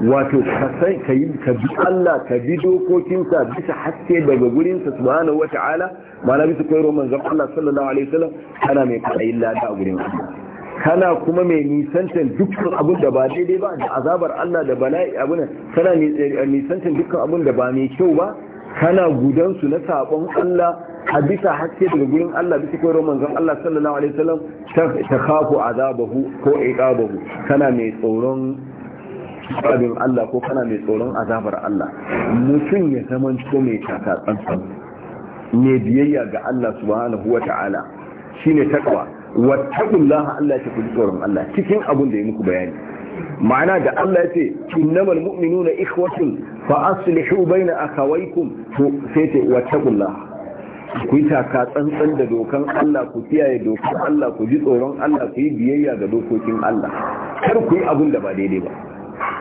wato ka yi ka bi Allah ka bi dokokinsa bisa haske daga gurinsa subhanahu wa ta'ala mana bisa roman zan Allah sallallahu alaihi wasallam kana mai kwaɗayin lada a gurin Allah kana kuma mai nisantar dukkan abun da ba daidai ba da azabar Allah da bala'i abun kana eh, nisantar dukkan abun da ba mai kyau ba kana gudan su na sabon Allah a bisa haske daga gurin Allah bisa roman zan Allah sallallahu alaihi wasallam ta kafu azabahu ko iqabahu kana mai tsoron babin Allah ko kana mai tsoron azabar Allah mutum ya zama ko mai taka tsantsan ne biyayya ga Allah subhanahu wata'ala ta'ala shine takwa taqullah Allah ya ku tsoron Allah cikin abun da ya muku bayani ma'ana da Allah ya ce innamal mu'minuna ikhwatun fa aslihu baina akhawaykum to sai ce taqullah ku yi taka tsantsan da dokan Allah ku kiyaye dokan Allah ku ji tsoron Allah ku yi biyayya ga dokokin Allah kar ku yi abun da ba daidai ba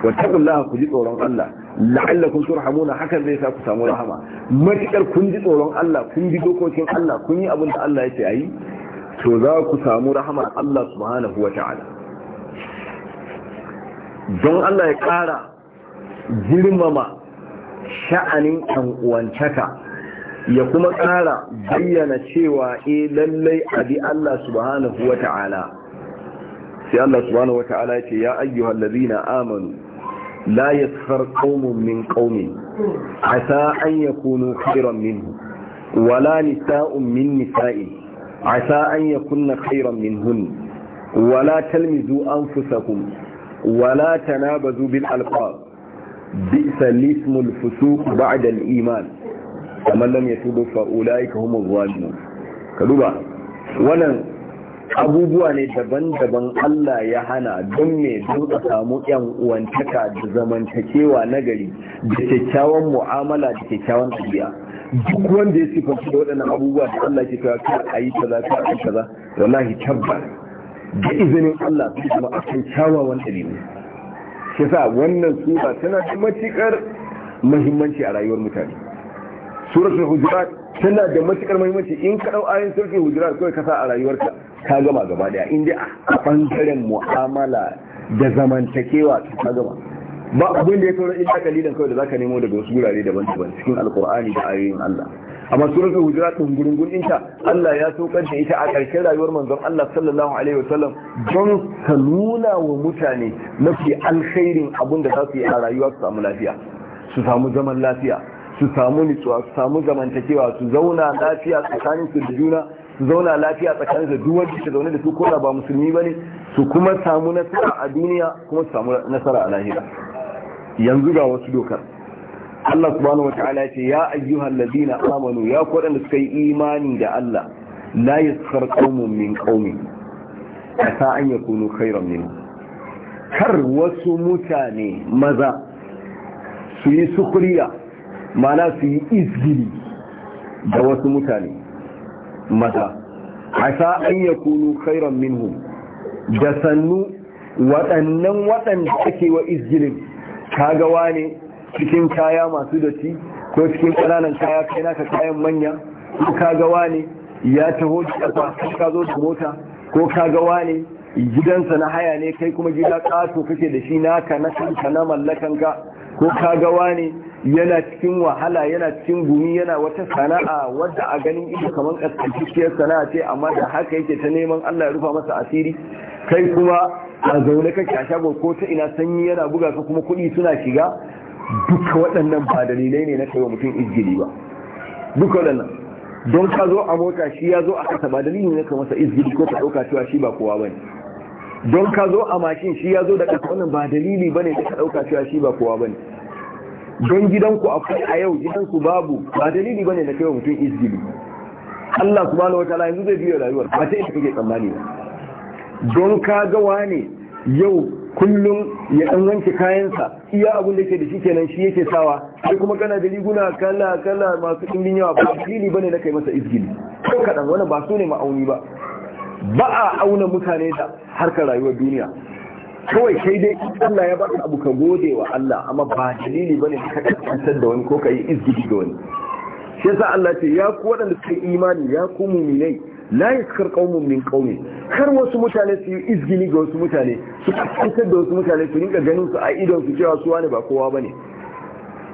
wattaqullaha ku ji tsoron Allah la'allakum na hakan zai sa ku samu rahama matakar kun ji tsoron Allah kun ji dokokin Allah kun yi abin da Allah a yi to za ku samu rahamar Allah subhanahu wata'ala don Allah ya ƙara girmama sha'anin ɗan uwantaka ya kuma ƙara bayyana cewa e lallai abi Allah subhanahu wa ta'ala sai Allah subhanahu wa ta'ala ya ce ya ayyuhal ladina amanu la yasfar qaumun min qaumin asa an yakunu khairan minhu wala nisa'un min nisa'in asa an yakunna khairan minhun wala talmizu anfusakum ولا تنابزوا بالألقاب بئس الاسم الفسوق بعد الإيمان ومن لم يتوب فأولئك هم الظالمون كذبا wannan abubuwa ne daban-daban Allah ya hana don me don a samu yan uwantaka da zamantakewa gari da kyakkyawan mu'amala da kyakkyawan ɗabi'a duk wanda ya sifanci da waɗannan abubuwa da Allah ke kawo kar a yi kaza kar a kaza, kaza wallahi tabba da izinin Allah su kuma kan kyawawan ɗabi'u shi sa wannan sura tana da matuƙar muhimmanci a rayuwar mutane suratul hujurat tana da matukar muhimmanci in ka dau ayin sulhi hujurat kawai ka sa a rayuwarka ka gama gaba daya in dai a bangaren mu'amala da zamantakewa ka gama ba abin da ya in illa kalilan kawai da zaka nemo daga wasu gurare daban-daban cikin alkur'ani da ayoyin Allah amma suratul hujurat din gurungun inta Allah ya saukar da ita a ƙarshen rayuwar manzon Allah sallallahu alaihi wasallam don ta nuna wa mutane mafi alkhairin abin da za su yi a rayuwa su samu lafiya su samu zaman lafiya su samu nutsuwa su samu zamantakewa su zauna lafiya tsakanin su da juna su zauna lafiya tsakanin su duk wanda ke zaune da su ko ba musulmi bane su kuma samu nasara a duniya kuma su samu nasara a lahira yanzu ga wasu dokar Allah subhanahu wataala ya ce ya ayyuhal ladina amanu ya ku wadanda suka yi imani da Allah la yaskhar qaumun min qaumin asa an yakunu khairan minhum kar wasu mutane maza su yi sukuriya mana su yi izgili da wasu mutane mata asa an ya kunu kairan minhu da sannu waɗannan waɗanda ake wa izgirin kagawa wane cikin kaya masu datti ko cikin ƙananan kaya kai naka kayan manya ko kagawa wane ya taho da ƙasa ko ka zo da mota ko kagawa wane gidansa na haya ne kai kuma gida ƙato kake da shi naka na kanka na mallakanka ko kagawa wani yana cikin wahala yana cikin gumi yana wata sana'a wadda a ganin ita kamar kaskantiyar sana'a ce amma da haka yake ta neman Allah ya rufa masa asiri kai kuma a zaune kake a shago ko ta ina sanyi yana buga ka kuma kuɗi suna shiga duka waɗannan ba dalilai ne na kai wa mutum izgili ba duka waɗannan don ka zo a mota shi ya zo a kasa ba dalilin ne ka masa izgili ko ka ɗauka cewa shi ba kowa bane don ka zo a mashin shi ya zo da ƙasa wannan ba dalili bane ka ɗauka cewa shi ba kowa bane don gidanku akwai a yau gidanku babu ba dalili bane da kewa mutum izgili Allah subhanahu wataala yanzu zai biya rayuwar ba ta yi kake tsammani ba don ka ga wane yau kullum ya dan wanke kayansa iya abun da yake da shi kenan shi yake sawa sai kuma kana da riguna kala kala masu dimbin yawa ba dalili bane na kai masa izgili ko kadan wannan ba su ne ma'auni ba ba a auna mutane da harkar rayuwar duniya kawai sai dai Allah ya bar abu ka gode wa Allah amma ba dalili bane ka kasance da wani ko ka yi izgidi da wani shi yasa Allah ce ya ku waɗanda suka yi imani ya ku muminai la yaskar qaumun min qaumi kar wasu mutane su yi izgili ga wasu mutane su kasance da wasu mutane su rinka ganin su a idon su cewa su wani ba kowa bane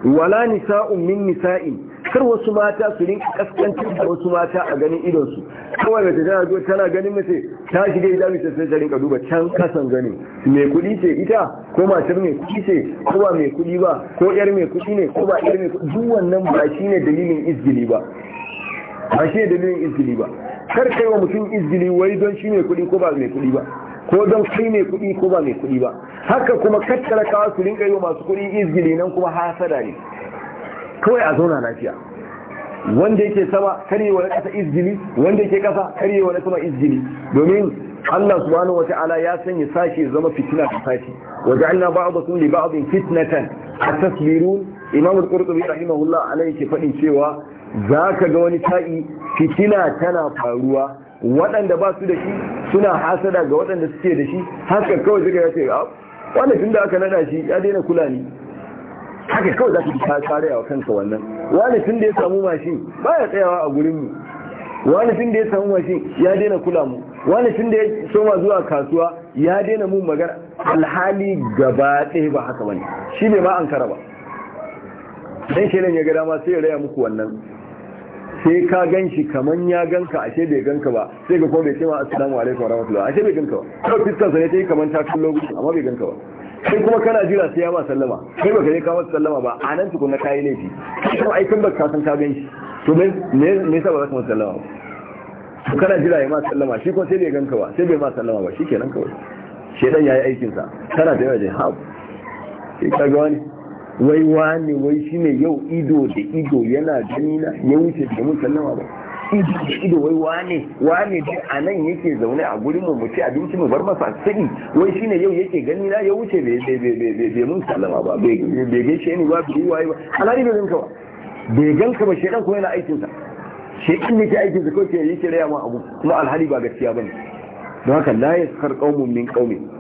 wala nisa'un min nisa'in kar wasu mata su rinka kaskancin da wasu mata a ganin idonsu kawai mace tana zo tana ganin mace ta shiga gida mace sai ta rinka duba can kasan gani mai kuɗi ce ita ko matar mai kuɗi ce ko ba mai kuɗi ba ko yar mai kuɗi ne ko ba yar mai kuɗi duk wannan ba shine dalilin izgili ba ba shine dalilin izgili ba kar kai wa mutum izgili wai don shi mai kuɗi ko ba mai kuɗi ba ko don kai mai kuɗi ko ba mai kuɗi ba haka kuma kattara kawo su rinka yi wa masu kuɗi izgili nan kuma hasada ne kawai a zauna lafiya wanda yake sama kare wa kasa izini wanda yake kasa kare wa sama izini domin Allah subhanahu wataala ya sanya sashi zama fitina ta sashi wa ja'alna ba'dakum li ba'din fitnatan atasbirun Imam al-Qurtubi rahimahullah alayhi fadin cewa zaka ga wani ta'i fitina tana faruwa waɗanda ba su da shi suna hasada ga waɗanda suke da shi haka kawai suka a ah, wannan tunda aka nada shi ya daina kula ni haka kawai za ta kare a kanka wannan wani tun da ya samu mashin ba ya tsayawa a gurin mu wani tun da ya samu mashin ya daina kula mu wani tun da ya soma zuwa kasuwa ya daina mun magana alhali gaba ɗaya ba haka wani. shi ne ma an kara ba dan shelan ya ga dama sai ya raya muku wannan sai ka gan shi kaman ya gan ka, ashe bai gan ka ba sai ga kuma bai ce ma assalamu alaikum warahmatullahi ashe bai gan ka ba kawai fiskansa ne ta yi kamar ta gudu, amma bai gan ka ba kai kuma kana jira sai ya ba sallama sai baka je kawo sallama ba a nan tukuna kayi ne laifi kuma ai kan baka san ka gan shi to me me yasa ba za ka masa sallama ba to kana jira ya ma sallama shi kuma sai bai ganka ba sai bai ma sallama ba shikenan kawai shedan yayi aikin sa kana da yawa je ha sai ka ga wani wai wani wai shine yau ido da ido yana na ya wuce da mun sallama ba ido da ido wai wane wane duk a nan yake zaune a gurin mu mu ci abinci mu bar masa sani wai shine yau yake gani na ya wuce bai mun sallama ba bai gaishe ne ba bai waye ba alhali bai ganka ba bai ganka ba shedan kuma yana aikin sa shedan ne ke aikin sa ko ke yake raya ma abu kuma alhali ba gaskiya bane don haka la yaskhar qaumun min qaumin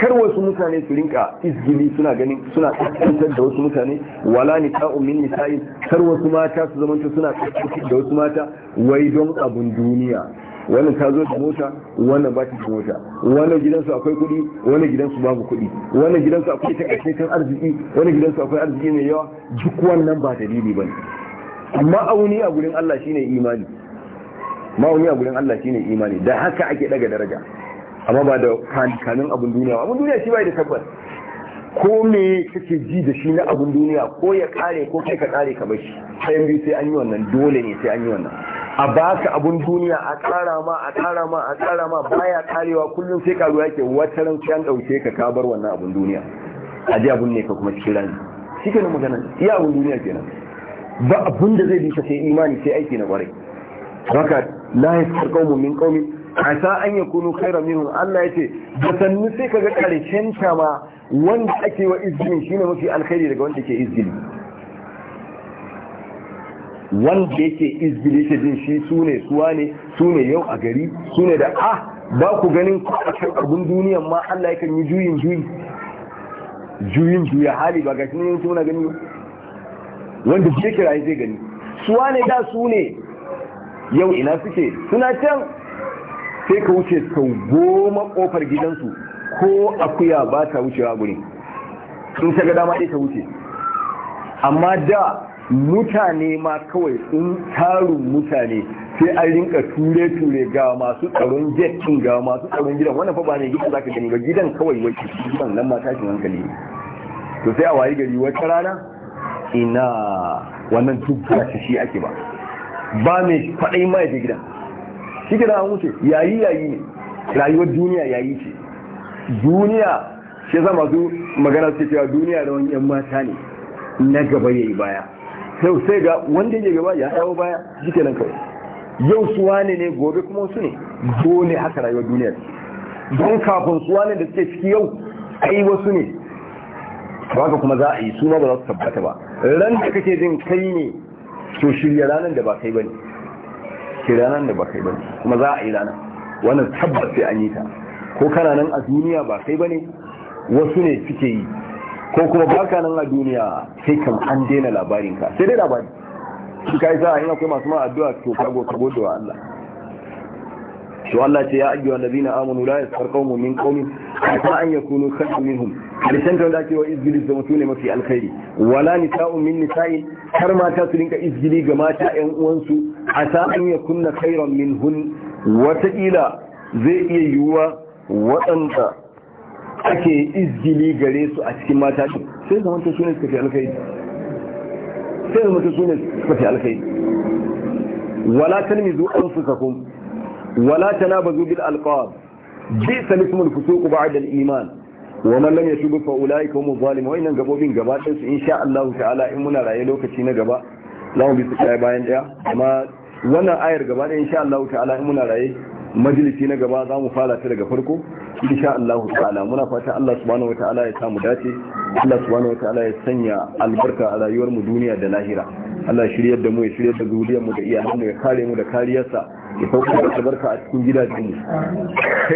kar wasu mutane su rinka izgili suna ganin suna kaskantar da wasu mutane wala ni ta'un min nisa'i kar wasu mata su zamanta suna kaskantar da wasu mata wai don abun duniya wannan ta zo da mota wannan ba ta mota wannan gidansu akwai kuɗi wannan gidansu babu kuɗi wannan gidansu akwai takaitaccen arziki wannan gidansu akwai arziki mai yawa duk wannan ba dalili bane amma auni a gurin Allah shine imani ma'auni a gurin Allah shine imani da haka ake daga daraja amma ba da kanin abin duniya abin duniya shi bai da tabbas ko me kake ji da shi na abin duniya ko ya kare ko kai ka kare ka bar shi sai biyu sai an yi wannan dole ne sai an yi wannan a baka abin duniya a kara ma a kara ma a kara ma baya karewa kullum sai karuwa ke wata ran sai an dauke ka ka bar wannan abin duniya a ji abin ne ka kuma cikin ran shi kenan magana iya abin duniya kenan ba abin da zai bi ka sai imani sai aiki na kwarai haka la yasqaw qaumun min qaumin asa an yi kunu khairan minhum Allah ce da sannu sai kaga karshen ta ma wanda ake wa izini shine mafi alkhairi daga wanda ke izini wanda yake izini ta jin shi ne suwa ne ne yau a gari ne da ah ba ku ganin kwanakin abun duniyan ma Allah kan yi juyin juyi juyin juya hali ba gashi ne yin suna gani wanda ke kira zai gani suwa ne da su ne yau ina suke suna can sai ka wuce sau goma kofar gidansu ko akuya ba ta wucewa guri sun ta dama ɗaya ta wuce amma da mutane ma kawai sun tarun mutane sai an rinka ture-ture ga masu tsaron jetin ga masu tsaron gidan wannan fa ba ne gidan zaka gani ba gidan kawai wai gidan nan ma tashin hankali ne to sai a wayi gari wata rana ina wannan duk ba shi ake ba ba mai faɗai ma ya gidan shi kira an wuce yayi yayi ne rayuwar duniya yayi ce duniya shi zama su magana su cewa duniya da wani 'yan mata ne na gaba yayi baya sau sai ga wanda ya gaba ya dawo baya shi kenan kawai yau su wane ne gobe kuma su ne dole haka rayuwar duniya don kafin su wane da suke ciki yau ai wasu ne baka kuma za a yi suna ba za su tabbata ba ran da kake jin kai ne to shirya ranar da ba kai ba ne ke ranar da ba kai ba kuma za a yi ranar wannan tabbas sai an yi ta ko kana nan a duniya ba kai ba ne wasu ne suke yi ko kuma ba ka nan a duniya sai kan an daina labarinka sai dai labari su ka yi a yi akwai masu ma'addu'a addu'a to kago kago da Allah to Allah ce ya ayyuhan nabina amanu la yasfar qaumun min qaumin hatta an yakunu khayran minhum karshen da ake wa izgili da mutune mafi alkhairi wala nisa'un min nisa'in har mata su rinka izgili ga mata ƴan uwansu asa an yakunna khayran minhun wataƙila zai iya yiwuwa waɗanda ake izgili gare su a cikin mata su sai zama ta sunan suka fi alkhairi sai zama ta sunan suka fi alkhairi wala talmizu anfusakum wala tanabazu bil alqab bisa ismul fusuq ba'da al iman wa man lam yashub fa ulai ka hum zalimun wa inan gabobin gaba din su insha in muna raye lokaci na gaba za mu bi su bayan daya amma wannan ayar gaba din in muna raye majalisi na gaba za mu fara ta daga farko insha Allah ta'ala muna fata Allah subhanahu wataala ya samu dace Allah subhanahu wataala ya sanya albarka a rayuwar mu duniya da lahira Allah shiryar da mu ya shiryar da zuriyar mu da iyalan mu ya kare mu da kariyarsa ya sauka da albarka a cikin gidajenmu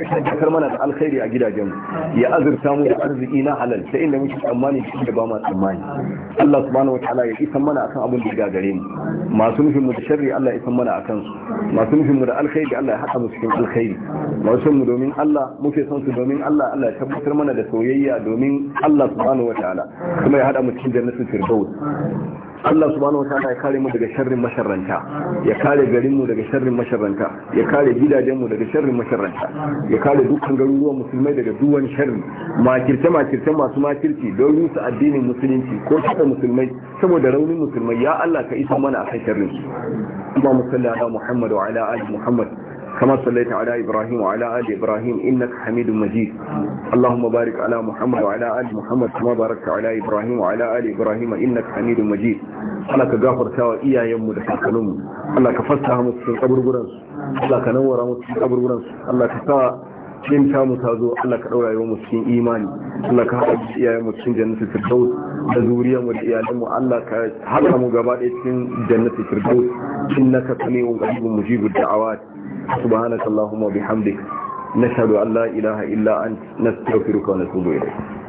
kai kan mana da alkhairi a gidajenmu ya azurta mu da arziki na halal ta inda muke tsammani shi da ba ma tsammani Allah subhanahu wataala ya isan mana akan abin da ya gagare mu masu nufin mu da sharri Allah ya isan mana akan su masu nufin mu da alkhairi Allah ya haɗa mu cikin alkhairi masu mu domin Allah muke son su domin Allah Allah ya tabbatar mana da soyayya domin Allah subhanahu wataala kuma ya haɗa mu cikin jannatin firdaus Allah subhanahu wataala ya kare mu daga sharrin masharranta ya kare garin mu daga sharrin masharranta masharranta ya kare gidajenmu daga sharrin masharranta ya kare dukkan garuruwan musulmai daga duwan sharri makirce makirce masu makirci don rusa addinin musulunci ko kada musulmai saboda raunin musulmai ya Allah ka isa mana akan sharrin su. Allahumma salli ala Muhammad wa ala ali Muhammad كما صليت على إبراهيم وعلى آل إبراهيم إنك حميد مجيد اللهم بارك على محمد وعلى آل محمد كما باركت على إبراهيم وعلى آل إبراهيم إنك حميد مجيد Allah ka gafarta wa iyayenmu da kakanninmu Allah ka fassara musu cikin kaburburansu Allah ka nawara musu cikin kaburburansu Allah ka sa ta Allah ka ɗaura yau cikin imani Allah ka haɗa iyayen mu jannatin firdaus da zuriyar mu da iyalan mu Allah ka haɗa mu gaba ɗaya cikin jannatin firdaus innaka samiu qaribun da da'awat subhanakallahumma bihamdik nashhadu an la ilaha illa anta nastaghfiruka wa natubu ilayk